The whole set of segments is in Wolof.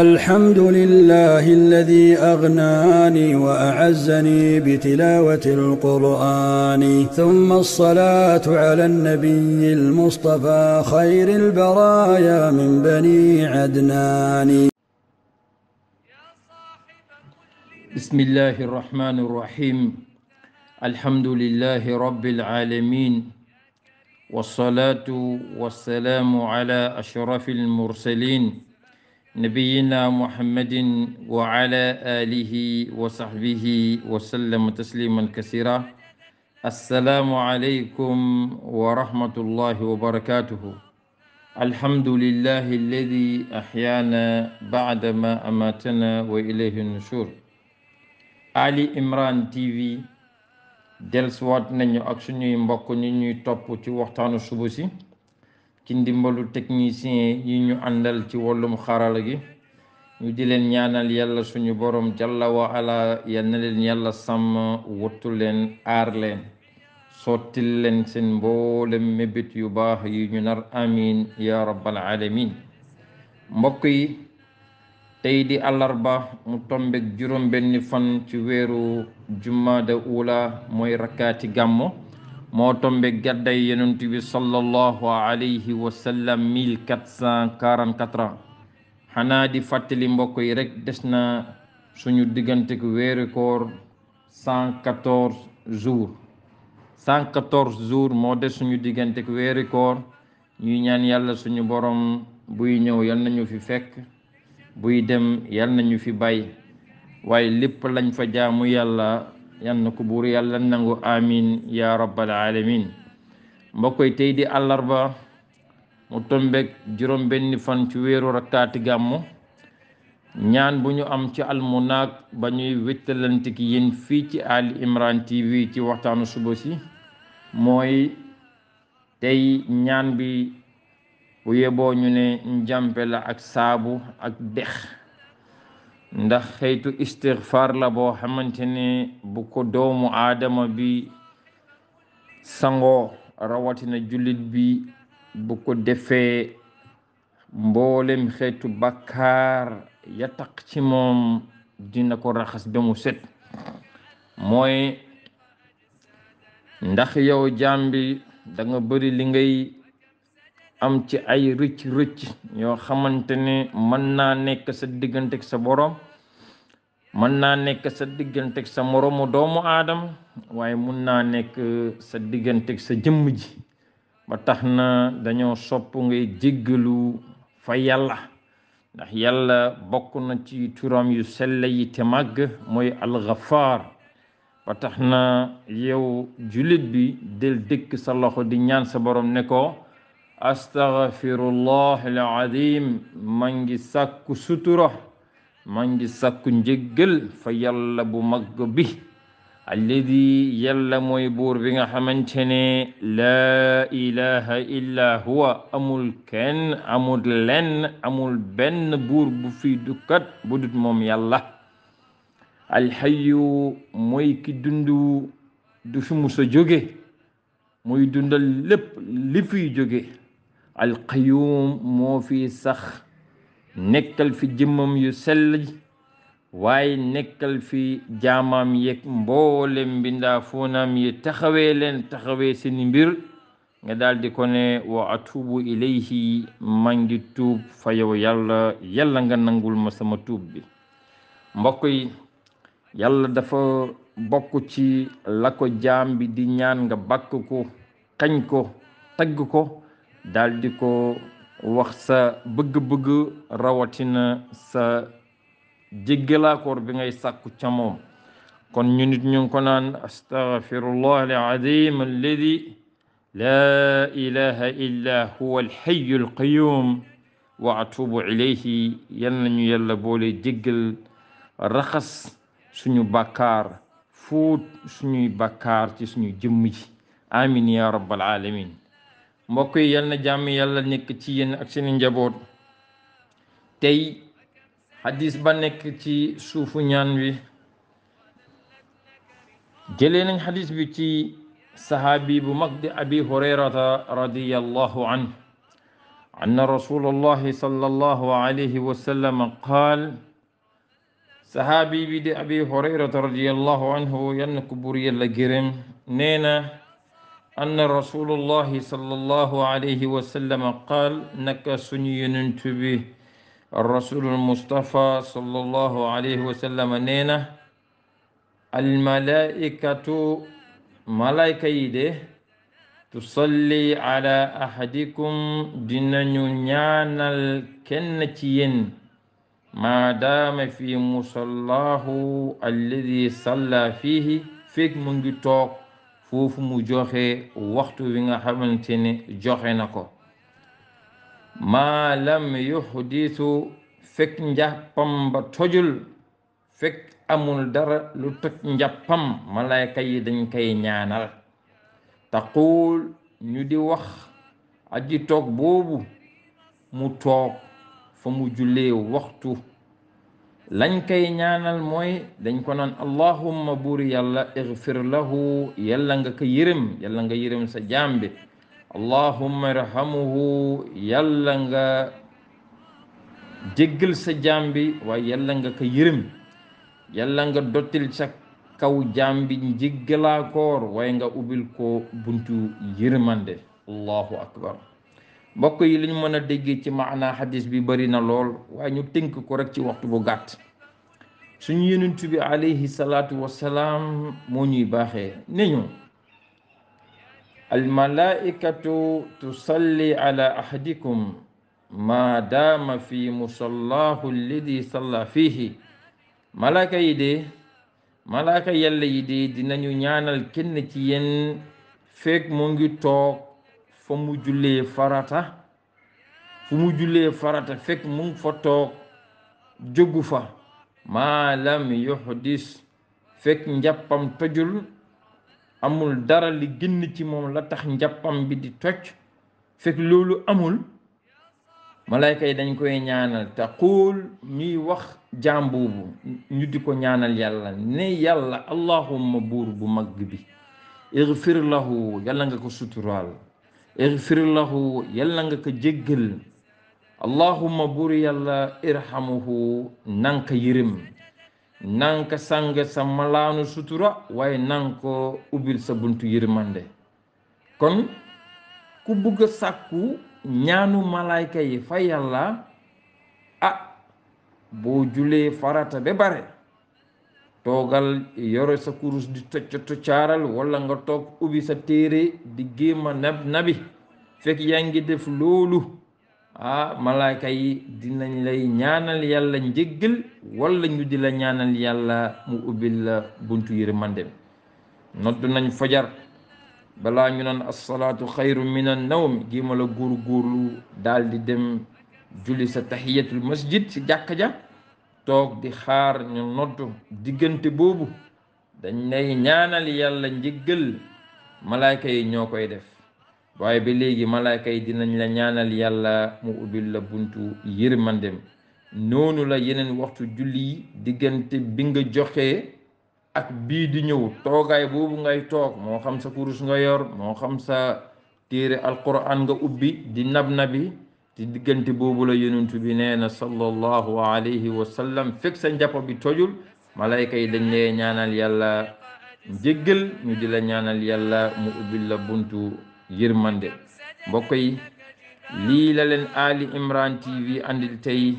الحمد لله الذي أغناني وأعزني بتلاوة القرآن ثم الصلاة على النبي المصطفى خير البرايا من بني عدنان بسم الله الرحمن الرحيم الحمد لله رب العالمين والصلاة والسلام على أشرف المرسلين nabiyina muhammadin wa ala alihi wa sahbihi wa sallama tasliman kasira assalaamu alaykum wa rahmatullahi wa barakatuhu alhamdulillahi alladi ahyaana baadama amatana wa ilayhi nushur Ali Imran TV dellusiwaat nañu ak suñuy mbokk ñu ñuy topp ci waxtaanu suba si ci ndimbalu technicien yi ñu àndal ci wàllum xarala gi ñu di leen ñaanal yàlla suñu borom jalla wa ala yal na leen sàmm wottu leen aar sottil leen seen mboolem mébét yu baax yi ñu nar amin ya rabbal alamin mbokk yi tey di àllarba mu tombek juróom benni fan ci weeru jumaada ula mooy rakkaati gàmmo moo tombe gàdday yonent bi sallallahu alayhi wa sallam mille quatre cent quarante quatre xanaa di fàttali mbokk yi rek des na suñu diggante ku weeru koor jours moo des suñu diggante ku weeru ñuy ñaan yàlla suñu borom buy ñëw yal nañu fi fekk buy dem yal nañu fi bàyyi waaye lépp lañ fa jaamu yàlla yan ko buur yàlla nangu amin ya rabbal alamin mbokkoy tey di àllarba mu tombeek juróom benni fan ci wéeru rakkaati gàmmu ñaan bu ñu am ci almunaak ba ñuy wéttalantik yéen fii ci Ali Imran TV ci waxtaanu suba si mooy tey ñaan bi bu yeboo ñu ne njàmpe ak saabu ak dex ndax xeetu istixfaar la boo xamante ne bu ko doomu aadama bi sango rawatina julit bi bu ko defee mboolem xeetu bakkaar ya taq ci moom dina ko raxas ba mu set mooy ndax yow jaam bi da nga am ci ay rëcc rëcc yoo xamante ne mën naa nekk sa diggante ak sa borom mën naa nekk sa diggante ak sa moroomu doomu aadama waaye mun naa nekk sa diggante ak sa jëmm ji ba tax na dañoo sopp ngay jéggalu fa yàlla ndax yàlla bokk na ci turam yu sell yi te màgg mooy alxafaar ba tax na yow jullit bi del dëkk sa loxo di ñaan sa borom ne ko astaghfirullah alazim ma ngi sàkku sutura ma ngi sàkku fa yàlla bu mag bi alladi yalla mooy buur bi nga xamante ne laa ilaha huwa amul kenn amul lenn amul benn buur bu fi dukkat bu dut moom yàlla alxayu mooy ki dundu du fi musa jóge muy dundal lépp li fiy jóge alqayuum moo fi sax nekkal fi jëmmam yu sell waaye nekkal fi jaamaam yeeg mboolem mbindaa fuunaam yi taxawee leen taxawee seen mbir nga daldi ko ne wa atubu ilayhi maa tuub fa yow yàlla nga nangul ma sama tuub bi mbokk yi dafa bokk ci la jaam bi di ñaan nga bàkk ko kañ ko tagg ko daal di ko wax sa bëgg-bëgg rawatina sa jéggalaakoor bi ngay sàkku ca moom kon ñu nit ñu ngi ko naan astaghfirullah alazim alladi laa ilaha illa huwa alxayu alqayum wa atubu ilayhi yal nañu yàlla boole jéggal raxas suñu bàkkaar fuut suñuy bàkkaar ci suñu jëmm ji amin ya rabbal alamin mbokk yi yal na jàmm yàlla nekk ci yéen ak seeni njaboot tey xadis ba nekk ci suufu ñaan wi jëlee nañ xadis bi ci saxaabi bu mag di abi hurayrata radiyallahu an anna rasulallahi sallallahu alayhi wa qaal saxaabi bi di abi hurayrata radiyallahu anhu yal na ko buur yàlla gërëm nee anna rasulullahi sallallahu alayhi wa sallam qaal naka suñu yonent bi rasulul mustafa sallallahu alayhi wa sallam nee na almalaikatu malayka yi de tusalli ala ahadikum dinañu ñaanal kenn ci yéen maadaama fi musallahu alladi salla fiihi fekk mu ngi toog foofu mu joxe waxtu wi nga xamante ne joxe na ko maa lam yuxditu fekk njàppam ba tojul fekk amul dara lu toj njàppam malayka yi dañ koy ñaanal taquul ñu di wax aji toog boobu mu toog fa mu jullee waxtu lañ koy ñaanal mooy dañ ko naan allahumma buur yàlla igfir lahu yàlla nga ko yërëm yàlla nga yërëm sa jaam bi allahumma irhamuhu yàlla nga jéggal sa jaam bi waaye nga ko yërëm yàlla nga dottil sa kaw jaam bi njéggalaakoor waaye nga ubbil ko buntu yërmande allahu akbar mbokk yi li ñu mën a déggee ci maanaa bi bari na lool waaye ñu tënk ko rek ci waxtu bu gàtt suñu yenentu bi alayhi salaatu wasalaam moo ñuy baaxee ne ñu almalaikatu tusalli ala ahadikum ma daama fi musallahu alladi salla fiihi malaaka yi de malaaka yàlla yi de dinañu ñaanal kenn ci yéen fekk mu ngi toog fa mu jullee farata fu mu jullee farata fekk mu fa toog jógu fa maa yuhdis fekk njàppam tojul amul dara li génn ci moom la tax njàppam bi di toj fekk loolu amul malayka yi dañ koy ñaanal te xuol ñuy wax jaam boobu ñu ko ñaanal yàlla ne yàlla allahumma buur bu mag bi igfir lahu yàlla nga ko suturaal igfir lahu yàlla nga ko jéggal allahuma buur yàlla irhamuhu nanka yërëm nanka sànge sa malaanu sutura waaye nanka ubbil sa buntu yërmande kon ku bugg sàkku ñaanu malaayka yi fa yàlla ah boo julee farata ba bare toogal yore sa kurus di tocc toccaaral wala nga toog ubbi sa téere di géema nab nabi fekk yaa ngi def loolu ah malaaka yi dinañ lay ñaanal yàlla njëggal wala ñu di la ñaanal yàlla mu ubbil la buntu dem nodd nañ fajar balaa ñu naan asalaatu xayru min an nawm géema la góorgóorlu daal di dem juli sa tahiyatul masjid si jàkka ja toog di xaar ñu noddu diggante boobu dañ lay ñaanal yàlla njëggal malaayka yi ñoo koy def waaye ba léegi malaayka yi dinañ la ñaanal yàlla mu ubbil la buntu yërmandem noonu la yeneen waxtu julli diggante bi nga joxee ak bii di ñëw toogaay boobu ngay toog moo xam sa kurus nga yor moo xam sa téere alquran nga ubbi di nab nabi ci diggante boobu la yonent bi na sallallahu alayhi wa sallam fekk bi tojul malayka yi dañ lay ñaanal yàlla njéggal ñu di ñaanal yàlla mu ubbil buntu yërmande mbokk yi lii la leen Ali Imran TV andil tey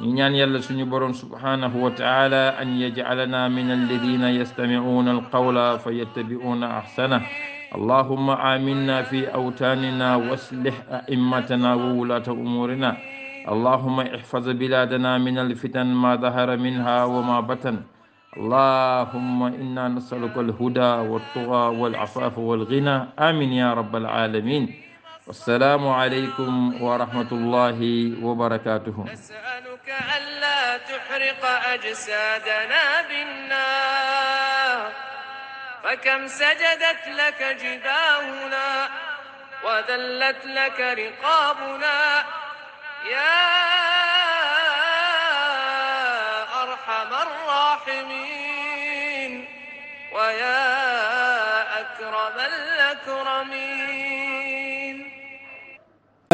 ñu ñaan yàlla suñu borom subhanahu wa taala an yaj'alana min alladina yastami'una alqawla fa yattabi'una ahsana اللهم آمنا في أوطاننا واصلح أئمتنا وولاة أمورنا اللهم احفظ بلادنا من الفتن ما ظهر منها وما بطن اللهم إنا نسألك الهدى والطغى والعفاف والغنى آمين يا رب العالمين والسلام عليكم ورحمة الله وبركاته نسألك ألا تحرق أجسادنا وكم سجدت لك جباهنا وذلت لك رقابنا يا أرحم الراحمين ويا أكرم الأكرمين